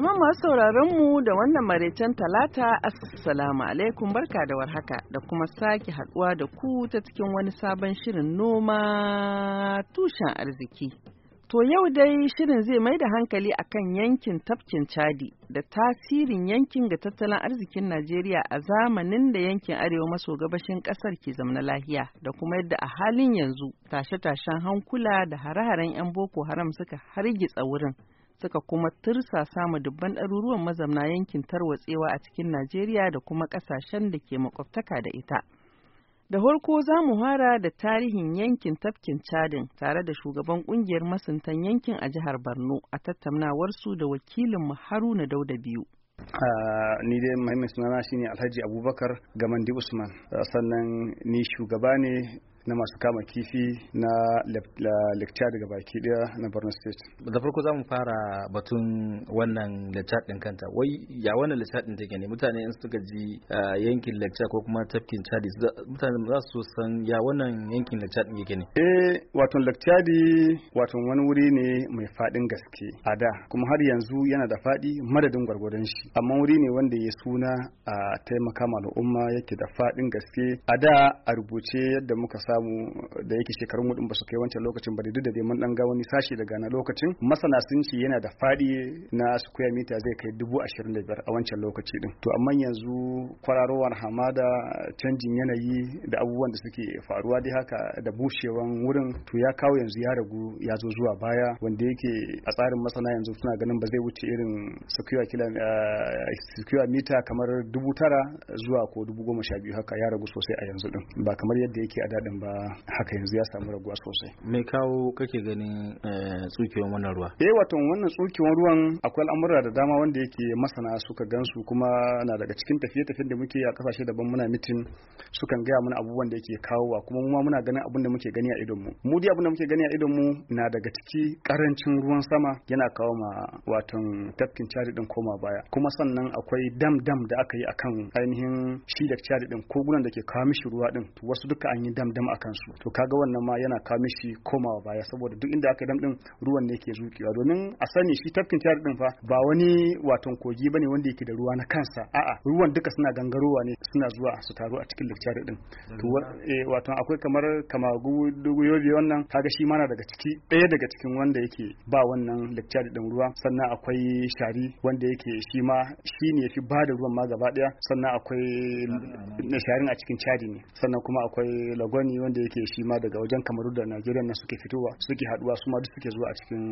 Jama'a masu sauraron mu da wannan maraicen talata assalamu alaikum barka da warhaka da kuma sake haduwa da ku ta cikin wani sabon shirin noma tushen arziki. To yau dai shirin zai mai da hankali akan yankin tafkin Chadi da tasirin yankin ga tattalin arzikin Najeriya a zamanin da yankin arewa maso gabashin kasar ke zamana lahiya da kuma yadda a halin yanzu tashe-tashen hankula da hare-haren 'yan Boko Haram suka hargitsa wurin. suka kuma tursa samu dubban ɗaruruwan mazamna yankin tarwatsewa a cikin Najeriya da kuma ƙasashen da ke makwabtaka da ita. Da farko za mu fara da tarihin yankin tafkin Chadin tare da shugaban ƙungiyar masuntan yankin a jihar Borno a tattaunawarsu da wakilin Haruna Dauda biyu. ni dai muhimmin sunana shine alhaji abubakar gamandi usman sannan ni shugaba ne na masu kama kifi na lecture daga baki daya na Borno State. Da farko za mu fara batun wannan lecture din kanta. Wai ya wannan lecture din take ne mutane in suka ji ah, yankin lecture ko kuma tafkin Chadi mutane za su san ya wannan yankin lecture din yake ne. Eh wato lecture wato wani wuri ne mai fadin gaske a da kuma har yanzu yana da fadi madadin gwargwadon shi amma wuri ne wanda ya suna a ah, taimaka ma al'umma yake da fadin gaske a da a rubuce yadda muka samu da yake shekarun mu din ba su kai wancan lokacin ba duk da dai mun dan ga wani sashi daga na lokacin masana sun ce yana da fadi na square meter zai kai dubu ashirin da biyar a wancan lokaci din to amma yanzu kwararowar hamada canjin yanayi da abubuwan da suke faruwa dai haka da bushewan wurin to ya kawo yanzu ya ragu ya zo zuwa baya wanda yake a tsarin masana yanzu suna ganin ba zai wuce irin square kila eh, meter kamar dubu tara zuwa ko dubu goma sha biyu haka ya ragu sosai a yanzu din ba kamar yadda yake a daɗin ba haka yanzu ya samu raguwa sosai me kawo kake ganin eh, tsukewar wannan ruwa eh wato wannan tsukewar ruwan akwai al'amura da dama wanda yake masana suka gansu kuma na daga cikin tafiye-tafiyen da muke a kasashe daban muna mitin sukan gaya mana abubuwan da yake kawowa kuma mu muna ganin abin da muke gani a idon mu mu dai abin da muke gani a idon mu na daga ciki karancin ruwan sama yana kawo ma watan tafkin cari din koma baya kuma sannan akwai dam dam da aka yi akan ainihin shi da cari din kogunan da ke kawo mishi ruwa din wasu duka an yi dam dam akan su to kaga wannan ma yana kawo mishi komawa baya saboda duk inda aka dam din ruwan ne ke zukewa domin a sani shi tafkin cari din fa ba wani watan kogi bane wanda yake da ruwa na kansa a'a ruwan duka suna gangarowa ne suna zuwa su taru a cikin cari din to eh, wato akwai kamar kamagu dogo wannan kaga shi mana daga ciki daya daga cikin wanda yake ba wannan lecture din ruwa sannan akwai shari wanda yake shi ma shi ne yafi ba da ruwan ma gaba daya sannan akwai na sharin a cikin chadi ne sannan kuma akwai lagoni wanda yake shi ma daga wajen kamaru da najeriya na suke fitowa suke haduwa su ma duk suke zuwa a cikin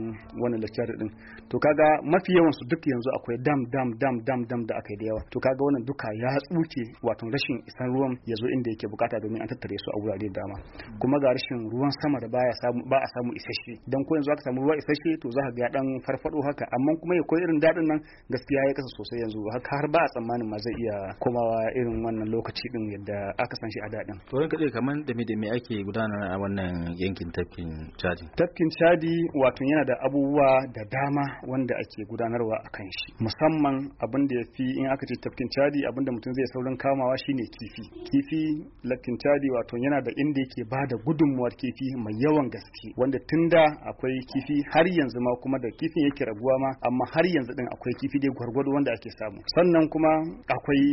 wannan lecture din to kaga mafi yawan su duk yanzu akwai dam dam dam dam dam da aka yi da yawa to kaga wannan duka ya tsuke wato rashin isan ruwan ya zo inda yake bukata domin an tattare su a wurare dama kuma ga rashin ruwan sama da baya samu ba a samu isasshe dan ko yanzu aka samu ruwa isasshe to za ka ga dan farfado haka amma kuma ya koyi irin dadin nan gaskiya ya kasa sosai yanzu haka har ba a tsammanin ma zai iya komawa irin wannan lokaci din yadda aka san shi a dadin to ranka dai kaman da me da me ake gudanar a wannan yankin tafkin chadi tafkin chadi wato yana da abubuwa da dama wanda ake gudanarwa a kan shi musamman abin da ya fi in aka ce tafkin chadi abin da mutum zai saurin kamawa shine kifi kifi kifi lakin chadi wato yana da inda yake ba da gudunmuwar kifi mai yawan gaske wanda tunda akwai kifi har yanzu ma kuma da kifin yake raguwa ma amma har yanzu din akwai kifi dai gwargwado wanda ake samu sannan kuma akwai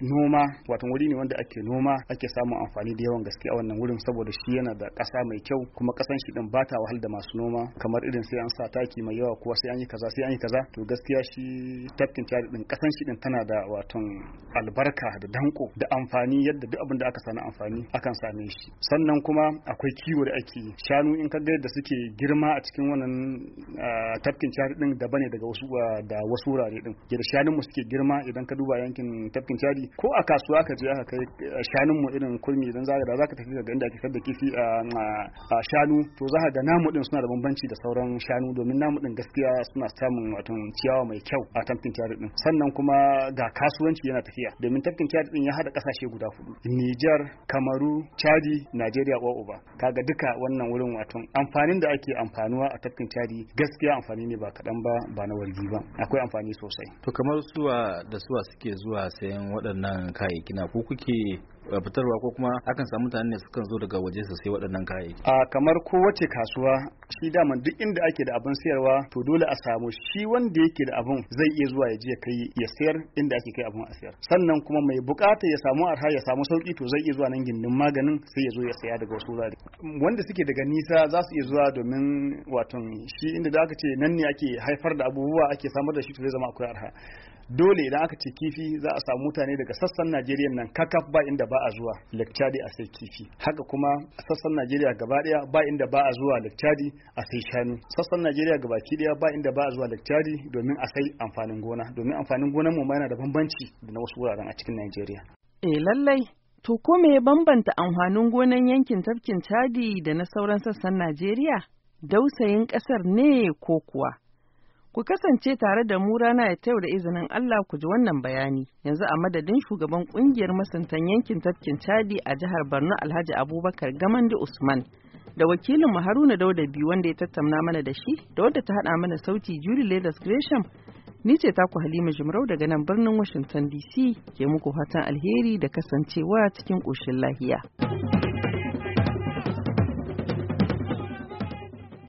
noma wato wuri ne wanda ake noma ake samun amfani da yawan gaske a wannan wurin saboda shi yana da ƙasa mai kyau kuma ƙasan shi din ba ta wahal da masu noma kamar irin sai an sa taki mai yawa kuwa sai an yi kaza sai an yi kaza to gaskiya shi tafkin chadi din ƙasan shi din tana da waton albarka da danko da amfani yadda duk abin da aka sani amfani akan same shi sannan kuma akwai kiwo da ake shanu in ka ga da suke girma a cikin wannan tafkin cari din da bane daga wasu da wasu wurare din yadda shanun mu suke girma idan ka duba yankin tafkin cari ko a kasuwa ka je aka kai shanun mu irin kurmi idan za ka da za ka tafi daga inda ake da kifi a shanu to za ka ga namu din suna da bambanci da sauran shanu domin namu din gaskiya suna samun wato ciyawa mai kyau a tafkin cari din sannan kuma ga kasuwanci yana tafiya domin tafkin cari din ya hada kasashe guda hudu Nijar, Kamaru, Chadi, Najeriya ko uba. Kaga duka wannan wurin wato amfanin da ake amfanuwa a tafkin Chadi gaskiya amfani ne ba kaɗan ba ba na wargi ba. Akwai amfani sosai. To kamar suwa da suwa suke zuwa sayan waɗannan kayayyaki na ko kuke fitarwa ko kuma akan samu mutane ne sukan zo daga waje su sai waɗannan kayayyaki a kamar kowace kasuwa shi daman duk inda ake da abin sayarwa to dole a samu shi wanda yake da abin zai iya zuwa ya je kai ya sayar inda ake kai abin a sayar sannan kuma mai bukata ya samu arha ya samu sauki to zai iya zuwa nan gindin maganin sai ya zo ya saya daga wasu wurare wanda suke daga nisa za su iya zuwa domin waton shi inda da aka ce nan ne ake haifar da abubuwa ake samar da shi to zai zama akwai arha dole idan aka ce kifi za a samu mutane daga sassan Najeriya nan kakaf ba inda ba a zuwa lakcadi a sai kifi haka kuma a sassan najeriya gaba daya ba inda ba a zuwa lakcadi a sai shanu sassan najeriya gaba daya ba inda ba a zuwa lakcadi domin a sai amfanin gona domin amfanin gonan mu yana da bambanci da na wasu wuraren a cikin najeriya eh lallai to ko me ya bambanta amfanin gonan yankin tafkin chadi da na sauran sassan najeriya dausayin kasar ne ko kuwa Ku kasance tare da mu rana ya ta da izinin Allah ku ji wannan bayani. Yanzu a madadin shugaban kungiyar masuntan yankin tafkin Chadi a jihar Borno Alhaji Abubakar Gamandi Usman. Da wakilin Haruna Dauda biyu wanda ya tattauna mana da shi, da wadda ta haɗa mana sauti Julie Ledas Gresham, ni ce taku Halima Jimrau daga nan birnin Washington DC ke muku fatan alheri da kasancewa cikin ƙoshin lahiya.